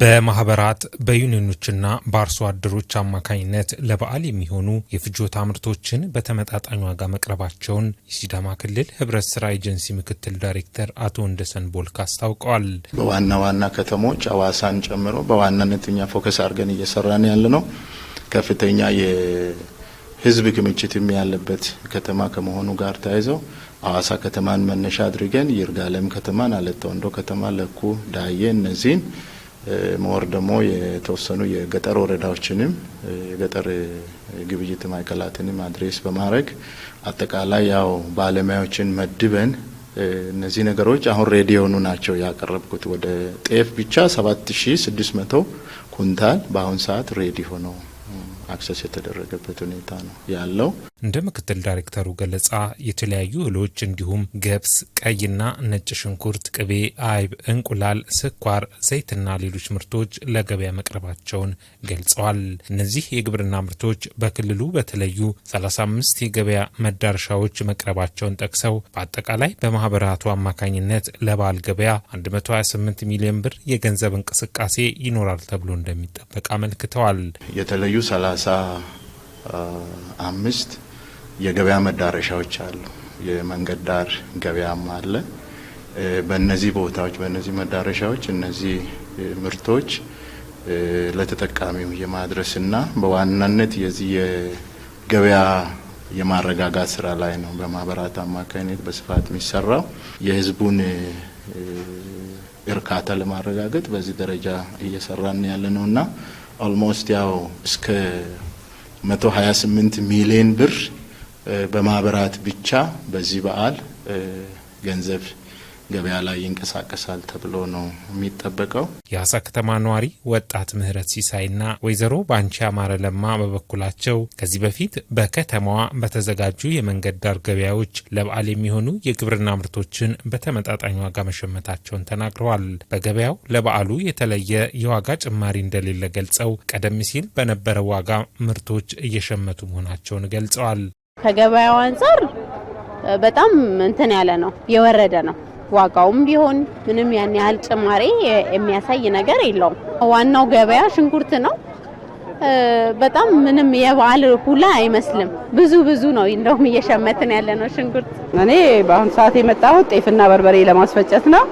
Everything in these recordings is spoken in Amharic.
በማህበራት በዩኒዮኖችና በአርሶ አደሮች አማካኝነት ለበዓል የሚሆኑ የፍጆታ ምርቶችን በተመጣጣኝ ዋጋ መቅረባቸውን የሲዳማ ክልል ህብረት ስራ ኤጀንሲ ምክትል ዳይሬክተር አቶ ወንደሰን ቦልክ አስታውቀዋል። በዋና ዋና ከተሞች አዋሳን ጨምሮ በዋናነት እኛ ፎከስ አድርገን እየሰራን ያለ ነው። ከፍተኛ የህዝብ ክምችትም ያለበት ከተማ ከመሆኑ ጋር ተያይዘው አዋሳ ከተማን መነሻ አድርገን ይርጋለም ከተማን፣ አለተወንዶ ከተማ፣ ለኩ፣ ዳዬ እነዚህን መወር ደግሞ የተወሰኑ የገጠር ወረዳዎችንም የገጠር ግብይት ማዕከላትንም አድሬስ በማድረግ አጠቃላይ ያው ባለሙያዎችን መድበን እነዚህ ነገሮች አሁን ሬዲ የሆኑ ናቸው። ያቀረብኩት ወደ ጤፍ ብቻ 7600 ኩንታል በአሁን ሰዓት ሬዲ ሆነው አክሰስ የተደረገበት ሁኔታ ነው ያለው። እንደ ምክትል ዳይሬክተሩ ገለጻ የተለያዩ እህሎች እንዲሁም ገብስ፣ ቀይና ነጭ ሽንኩርት፣ ቅቤ፣ አይብ፣ እንቁላል፣ ስኳር፣ ዘይትና ሌሎች ምርቶች ለገበያ መቅረባቸውን ገልጸዋል። እነዚህ የግብርና ምርቶች በክልሉ በተለዩ 35 የገበያ መዳረሻዎች መቅረባቸውን ጠቅሰው በአጠቃላይ በማህበራቱ አማካኝነት ለበዓል ገበያ 128 ሚሊዮን ብር የገንዘብ እንቅስቃሴ ይኖራል ተብሎ እንደሚጠበቅ አመልክተዋል። የተለዩ ሰላሳ አምስት የገበያ መዳረሻዎች አሉ። የመንገድ ዳር ገበያም አለ። በእነዚህ ቦታዎች በእነዚህ መዳረሻዎች እነዚህ ምርቶች ለተጠቃሚው የማድረስና በዋናነት የዚህ የገበያ የማረጋጋት ስራ ላይ ነው በማህበራት አማካኝነት በስፋት የሚሰራው። የህዝቡን እርካታ ለማረጋገጥ በዚህ ደረጃ እየሰራን ያለ ነውና ኦልሞስት ያው እስከ 128 ሚሊዮን ብር በማህበራት ብቻ በዚህ በዓል ገንዘብ ገበያ ላይ ይንቀሳቀሳል ተብሎ ነው የሚጠበቀው። የሀዋሳ ከተማ ነዋሪ ወጣት ምህረት ሲሳይና ወይዘሮ ባንቺ አማረ ለማ በበኩላቸው ከዚህ በፊት በከተማዋ በተዘጋጁ የመንገድ ዳር ገበያዎች ለበዓል የሚሆኑ የግብርና ምርቶችን በተመጣጣኝ ዋጋ መሸመታቸውን ተናግረዋል። በገበያው ለበዓሉ የተለየ የዋጋ ጭማሪ እንደሌለ ገልጸው ቀደም ሲል በነበረው ዋጋ ምርቶች እየሸመቱ መሆናቸውን ገልጸዋል። ከገበያው አንጻር በጣም እንትን ያለ ነው የወረደ ነው ዋጋውም ቢሆን ምንም ያን ያህል ጭማሬ የሚያሳይ ነገር የለውም። ዋናው ገበያ ሽንኩርት ነው። በጣም ምንም የበዓል ሁላ አይመስልም። ብዙ ብዙ ነው እንደውም እየሸመትን ያለ ነው ሽንኩርት። እኔ በአሁኑ ሰዓት የመጣሁት ጤፍና በርበሬ ለማስፈጨት ነው።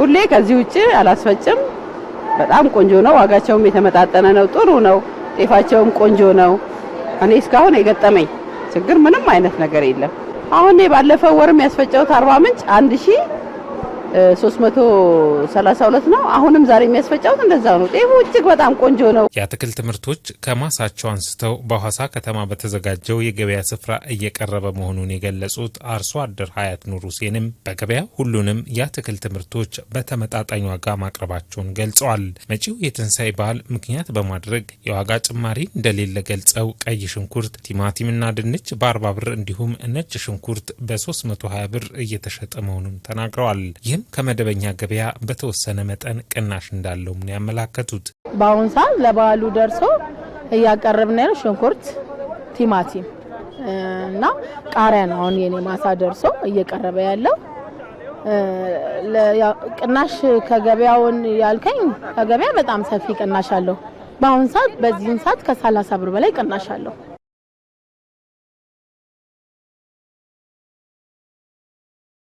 ሁሌ ከዚህ ውጭ አላስፈጭም። በጣም ቆንጆ ነው። ዋጋቸውም የተመጣጠነ ነው። ጥሩ ነው። ጤፋቸውም ቆንጆ ነው። እኔ እስካሁን የገጠመኝ ችግር ምንም አይነት ነገር የለም። አሁን ባለፈው ወርም ያስፈጨሁት አርባ ምንጭ አንድ ሺህ 332 ነው። አሁንም ዛሬ የሚያስፈጫውት እንደዛ ነው። ጤፉ እጅግ በጣም ቆንጆ ነው። የአትክልት ምርቶች ከማሳቸው አንስተው በሐዋሳ ከተማ በተዘጋጀው የገበያ ስፍራ እየቀረበ መሆኑን የገለጹት አርሶ አደር ሀያት ኑር ሁሴንም በገበያ ሁሉንም የአትክልት ምርቶች በተመጣጣኝ ዋጋ ማቅረባቸውን ገልጸዋል። መጪው የትንሣኤ በዓል ምክንያት በማድረግ የዋጋ ጭማሪ እንደሌለ ገልጸው ቀይ ሽንኩርት፣ ቲማቲምና ድንች በ40 ብር እንዲሁም ነጭ ሽንኩርት በ320 ብር እየተሸጠ መሆኑን ተናግረዋል። ይህም ከመደበኛ ገበያ በተወሰነ መጠን ቅናሽ እንዳለውም ነው ያመላከቱት። በአሁን ሰዓት ለበዓሉ ደርሶ እያቀረብን ያለው ሽንኩርት፣ ቲማቲም እና ቃሪያ ነው። አሁን የኔ ማሳ ደርሶ እየቀረበ ያለው ቅናሽ ከገበያውን ያልከኝ ከገበያ በጣም ሰፊ ቅናሽ አለው። በአሁን ሰዓት በዚህም ሰዓት ከ30 ብር በላይ ቅናሽ አለው።